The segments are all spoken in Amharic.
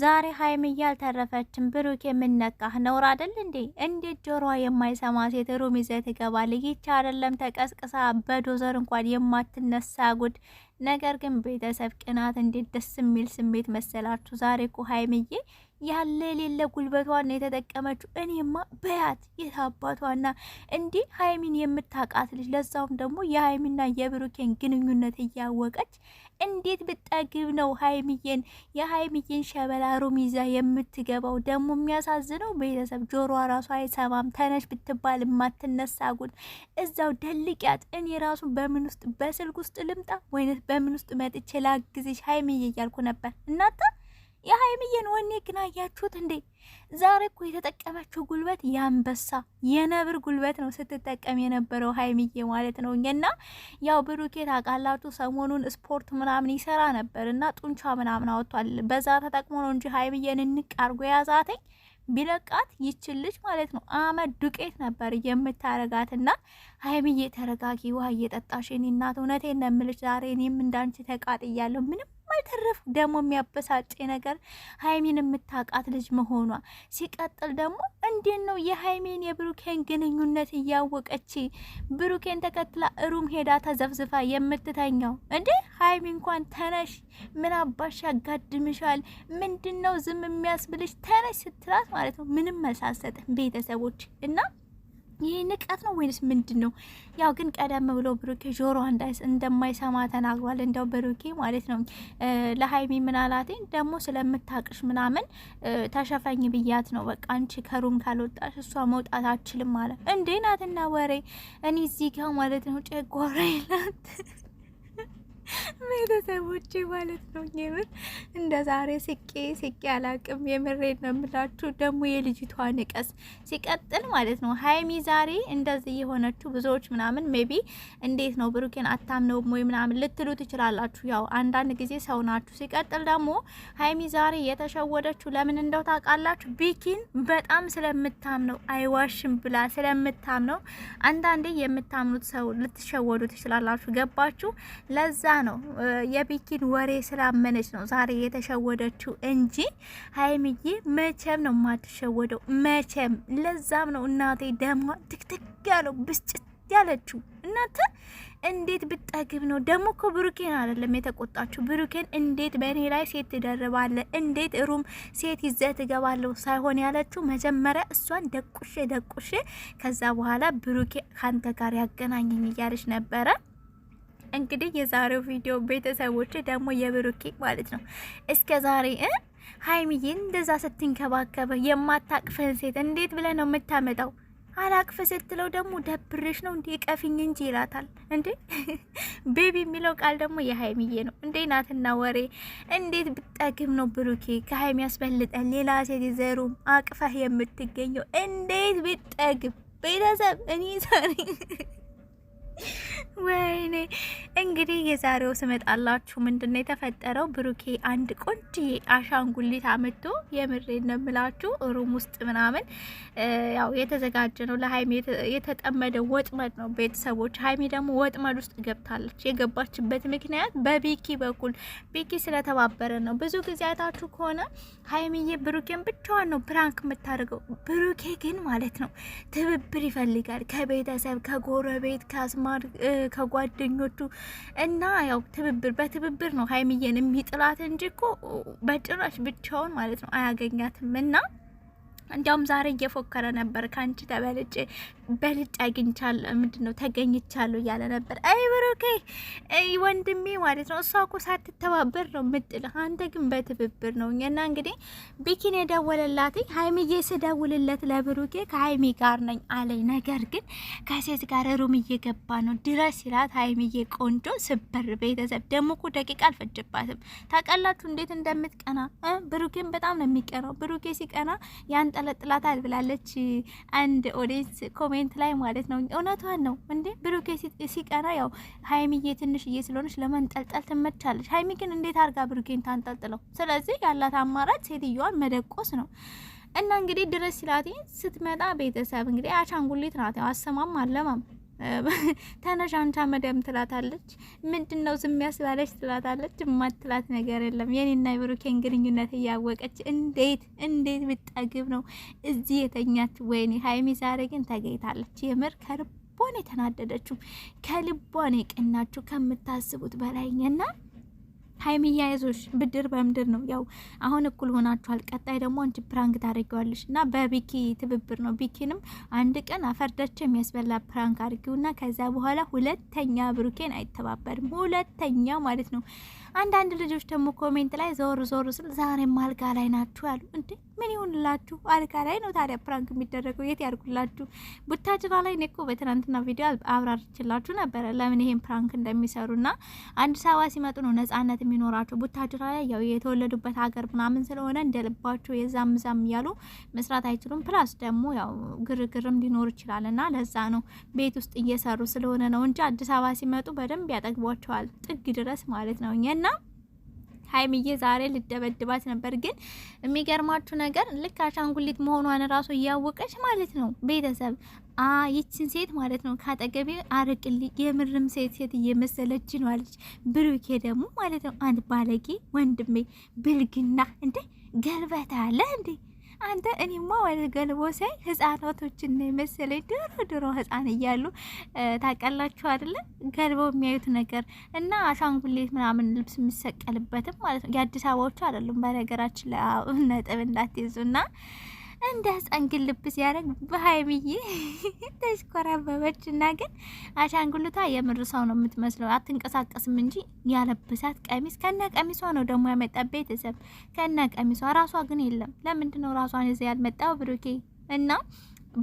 ዛሬ ሀይም እያልተረፈችን ብሩክ የምነካህ ነውር አደል እንዴ? እንዴት ጆሮዋ የማይሰማ ሴት ሩም ይዘ ትገባለህ? ይቻ አይደለም ተቀስቅሳ በዶዘር እንኳን የማትነሳ ጉድ ነገር ግን ቤተሰብ ቅናት እንዴት ደስ የሚል ስሜት መሰላችሁ! ዛሬ እኮ ሀይምዬ ያለ የሌለ ጉልበቷን ነው የተጠቀመችው። እኔማ በያት የት አባቷና እንዲህ ሀይሚን የምታቃት ልጅ ለዛውም ደግሞ የሀይሚና የብሩኬን ግንኙነት እያወቀች እንዴት ብጠግብ ነው ሀይሚዬን የሀይሚዬን ሸበላ ሩም ይዛ የምትገባው? ደግሞ የሚያሳዝነው ቤተሰብ ጆሮዋ ራሱ አይሰማም። ተነሽ ብትባል የማትነሳ ጉድ። እዛው ደልቅያት። እኔ ራሱ በምን ውስጥ በስልክ ውስጥ ልምጣ ወይነት በምን ውስጥ መጥቼ ላግዝሽ ሀይሚዬ እያልኩ ነበር። እናንተ የሀይሚዬን ወኔ ግን አያችሁት እንዴ? ዛሬ እኮ የተጠቀመችው ጉልበት ያንበሳ የነብር ጉልበት ነው ስትጠቀም የነበረው ሀይሚዬ ማለት ነው። እና ያው ብሩኬ ታውቃላችሁ ሰሞኑን ስፖርት ምናምን ይሰራ ነበር እና ጡንቻ ምናምን አወጥቷል። በዛ ተጠቅሞ ነው እንጂ ሀይሚዬን እንቅ አርጎ ቢለቃት ይችል ልጅ ማለት ነው። አመድ ዱቄት ነበር የምታረጋት። ና ሀይሚዬ ተረጋጊ፣ ውሃ እየጠጣሽ እኔ እናት እውነቴን ነው የምልሽ ዛሬ እኔም እንዳንቺ ተቃጥያለሁ ምንም አልተረፍኩ። ደግሞ የሚያበሳጭ ነገር ሀይሚን የምታውቃት ልጅ መሆኗ ሲቀጥል ደግሞ እንዴት ነው የሀይሜን የብሩኬን ግንኙነት እያወቀች ብሩኬን ተከትላ እሩም ሄዳ ተዘፍዝፋ የምትተኛው እንዴ? ሀይሚ እንኳን ተነሽ፣ ምን አባሽ ያጋድምሻል? ምንድን ነው ዝም የሚያስብልሽ? ተነሽ ስትላት ማለት ነው ምንም መሳሰጥ ቤተሰቦች እና ይሄ ንቀት ነው ወይንስ ምንድን ነው? ያው ግን ቀደም ብሎ ብሩኬ ጆሮ እንደማይሰማ ተናግሯል። እንደው ብሩኬ ማለት ነው ለሀይሚ ምናላቴን ደግሞ ስለምታቅሽ ምናምን ተሸፈኝ ብያት ነው በቃ አንቺ ከሩም ካልወጣሽ እሷ መውጣት አችልም ማለት እንዴ ናትና ወሬ እኔ እዚህ ጋር ማለት ነው ጨጓራ ይላት ቤተሰቦቼ ማለት ነው። የምር እንደ ዛሬ ስቄ ስቄ አላቅም። የምሬድ ነው የምላችሁ። ደግሞ የልጅቷ ንቀስ ሲቀጥል ማለት ነው። ሀይሚ ዛሬ እንደዚህ የሆነችው ብዙዎች ምናምን ሜቢ እንዴት ነው ብሩኬን አታምነው ወይ ምናምን ልትሉ ትችላላችሁ። ያው አንዳንድ ጊዜ ሰው ናችሁ። ሲቀጥል ደግሞ ሀይሚ ዛሬ የተሸወደችው ለምን እንደው ታውቃላችሁ? ቢኪን በጣም ስለምታምነው አይዋሽም ብላ ስለምታምነው፣ አንዳንዴ የምታምኑት ሰው ልትሸወዱ ትችላላችሁ። ገባችሁ? ለዛ ነው የቢኪን ወሬ ስላመነች ነው ዛሬ የተሸወደችው እንጂ ሀይሚዬ መቼም ነው የማትሸወደው። መቼም ለዛም ነው እናቴ ደሟ ትክትክ ያለው ብስጭት ያለችው እናንተ እንዴት ብጠግብ ነው ደግሞ እኮ ብሩኬን አይደለም የተቆጣችሁ። ብሩኬን እንዴት በእኔ ላይ ሴት ትደርባለ፣ እንዴት ሩም ሴት ይዘ ትገባለሁ ሳይሆን ያለችው መጀመሪያ እሷን ደቁሼ ደቁሼ ከዛ በኋላ ብሩኬ ካንተ ጋር ያገናኘኝ እያለች ነበረ። እንግዲህ የዛሬው ቪዲዮ ቤተሰቦች ደግሞ የብሩኬ ማለት ነው እስከ ዛሬ ሀይሚዬ እንደዛ ስትንከባከበ የማታቅፈን ሴት እንዴት ብለ ነው የምታመጣው? አላቅፍ ስትለው ደግሞ ደብርሽ ነው እንዴ ቀፊኝ እንጂ ይላታል። እንዴ ቤቢ የሚለው ቃል ደግሞ የሀይሚዬ ነው እንዴ ናትና ወሬ እንዴት ብጠግም ነው ብሩኬ ከሀይሚ ያስበልጠን ሌላ ሴት ዘሩም አቅፈህ የምትገኘው እንዴት ብጠግም ቤተሰብ እኔ ዛሬ ወይኔ እንግዲህ የዛሬው ስመጣላችሁ ምንድነው የተፈጠረው? ብሩኬ አንድ ቆንጅዬ አሻንጉሊት አመጥቶ የምሬ እንደምላችሁ ሩም ውስጥ ምናምን ያው የተዘጋጀ ነው ለሀይሚ የተጠመደ ወጥመድ ነው ቤተሰቦች። ሀይሚ ደግሞ ወጥመድ ውስጥ ገብታለች። የገባችበት ምክንያት በቢኪ በኩል ቢኪ ስለተባበረ ነው። ብዙ ጊዜ አይታችሁ ከሆነ ሀይሚዬ ብሩኬን ብቻዋን ነው ፕራንክ የምታደርገው። ብሩኬ ግን ማለት ነው ትብብር ይፈልጋል ከቤተሰብ ከጎረቤት ከአስማ ከማር ከጓደኞቹ እና ያው ትብብር በትብብር ነው ሀይሚዬን የሚጥላት እንጂ እኮ በጭራሽ ብቻውን ማለት ነው አያገኛትም እና እንዲያውም ዛሬ እየፎከረ ነበር። ከአንቺ ተበልጬ በልጭ አግኝቻለሁ ምንድን ነው ተገኝቻለሁ እያለ ነበር። አይ ብሩኬ ወንድሜ ማለት ነው። እሷ እኮ ሳትተባበር ነው ምጥልህ፣ አንተ ግን በትብብር ነው። እና እንግዲህ ቢኪን የደወለላት ሀይሚዬ ስደውልለት ለብሩኬ ከሀይሚ ጋር ነኝ አለኝ፣ ነገር ግን ከሴት ጋር ሩም እየገባ ነው ድረስ ይላት። ሀይሚዬ ቆንጆ ስብር ቤተሰብ ደግሞ እኮ ደቂቃ አልፈጅባትም። ታውቃላችሁ እንዴት እንደምትቀና ብሩኬን በጣም ነው የሚቀናው። ብሩኬ ሲቀና ያንጠለጥላታል ብላለች አንድ ኦዲየንስ ኮሜ ኮሜንት ላይ ማለት ነው። እውነቷን ነው እንዴ ብሩኬ ሲቀና ያው ሀይሚዬ ትንሽዬ ስለሆነች ለመንጠልጠል ትመቻለች። ሀይሚ ግን እንዴት አርጋ ብሩኬን ታንጠልጥለው? ስለዚህ ያላት አማራጭ ሴትዮዋን መደቆስ ነው። እና እንግዲህ ድረስ ሲላት ስትመጣ ቤተሰብ እንግዲህ አቻንጉሊት ናት ያው አሰማም አለማም ተነሻንቻ መደም ትላታለች። ምንድን ነው ዝም ያስባለች ትላታለች። ማትላት ነገር የለም። የኔና የብሩኬን ግንኙነት እያወቀች እንዴት እንዴት ብጠግብ ነው እዚህ የተኛት? ወይኔ ሀይሚ ዛሬ ግን ተገኝታለች። የምር ከልቧን የተናደደችው ከልቧን የቀናችሁ ከምታስቡት በላይኛና ሀይሚ እያያዞሽ ብድር በምድር ነው። ያው አሁን እኩል ሆናችኋል። ቀጣይ ደግሞ አንቺ ፕራንክ ታደርጊዋለሽ እና በቢኪ ትብብር ነው። ቢኪንም አንድ ቀን አፈርዳቸው የሚያስበላ ፕራንክ እና ከዛ በኋላ ሁለተኛ ብሩኬን አይተባበርም። ሁለተኛ ማለት ነው። አንዳንድ ልጆች ደግሞ ኮሜንት ላይ ዞር ዞር ስል ዛሬም አልጋ ላይ ናችሁ ያሉ እንዴ፣ ምን ይሁንላችሁ? አልጋ ላይ ነው ታዲያ ፕራንክ የሚደረገው የት ያርጉላችሁ? ቡታጅራ ላይ ኔኮ በትናንትና ቪዲዮ አብራርችላችሁ ነበረ ለምን ይሄን ፕራንክ እንደሚሰሩና አዲስ አበባ ሲመጡ ነው ነጻነት የሚኖራቸው ቡታጅራ ላይ ያው የተወለዱበት ሀገር ምናምን ስለሆነ እንደ ልባቸው የዛም ዛም እያሉ መስራት አይችሉም። ፕላስ ደግሞ ያው ግርግርም ሊኖር ይችላል እና ለዛ ነው ቤት ውስጥ እየሰሩ ስለሆነ ነው እንጂ አዲስ አበባ ሲመጡ በደንብ ያጠግቧቸዋል፣ ጥግ ድረስ ማለት ነው እና ሀይሚዬ ዛሬ ልደበድባት ነበር። ግን የሚገርማችሁ ነገር ልክ አሻንጉሊት መሆኗን ራሱ እያወቀች ማለት ነው ቤተሰብ ይችን ሴት ማለት ነው ካጠገቤ አርቅልኝ፣ የምርም ሴት ሴት እየመሰለች ነው አለች። ብሩኬ ደግሞ ማለት ነው አንድ ባለጌ ወንድሜ፣ ብልግና እንዴ ገልበታ አለ እንዴ አንተ እኔማ ወደ ገልቦ ሳይ ህጻናቶችን ነው የመሰለኝ። ድሮ ድሮ ህጻን እያሉ ታቀላችሁ አይደለ ገልበው የሚያዩት ነገር እና አሻንጉሌት ምናምን ልብስ የሚሰቀልበትም ማለት ነው የአዲስ አበባዎቹ አይደሉም። በነገራችን ላይ ነጥብ እንዳትይዙ እና እንደ ህጻን ልብስ ያደረግ በሀይሚዬ ተሽኮራበበች እና ግን አሻንጉልቷ የምር ሰው ነው የምትመስለው። አትንቀሳቀስም እንጂ ያለብሳት ቀሚስ ከነ ቀሚሷ ነው ደግሞ ያመጣ ቤተሰብ ከነ ቀሚሷ ራሷ ግን የለም። ለምንድነው ራሷን ይዘ ያልመጣው ብሩኬ እና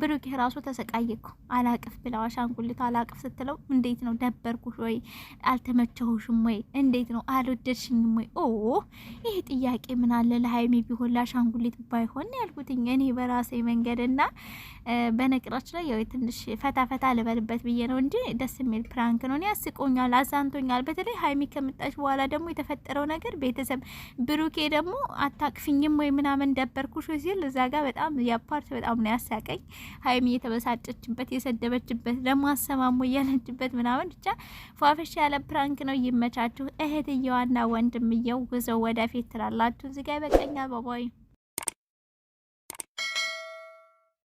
ብሩክ ራሱ ተሰቃየኩ አላቅፍ ብለው አሻንጉሊቱ አላቅፍ ስትለው እንዴት ነው ደበርኩሽ ወይ አልተመቸሁሽም ወይ እንዴት ነው አልወደድሽኝም ወይ ኦ ይሄ ጥያቄ ምን አለ ለሀይሜ ቢሆን ለአሻንጉሊት ባይሆን ያልኩትኝ እኔ በራሴ መንገድ እና በነገራችን ላይ ያው ትንሽ ፈታ ፈታ ልበልበት ብዬ ነው እንጂ ደስ የሚል ፕራንክ ነው። እኔ አስቆኛል፣ አዛንቶኛል። በተለይ ሀይሜ ከመጣች በኋላ ደግሞ የተፈጠረው ነገር ቤተሰብ ብሩኬ ደግሞ አታቅፍኝም ወይ ምናምን ደበርኩሽ ሲል እዛ ጋር በጣም ያፓርት በጣም ነው ያሳቀኝ። ሀይሚ የተበሳጨችበት የሰደበችበት ደግሞ አሰማሙ እያለችበት ምናምን ብቻ ፏፍሽ ያለ ፕራንክ ነው። ይመቻችሁ። እህትየዋና ወንድምየው ጉዞ ወደፊት ትላላችሁ። እዚጋ ይበቀኛል። ባባይ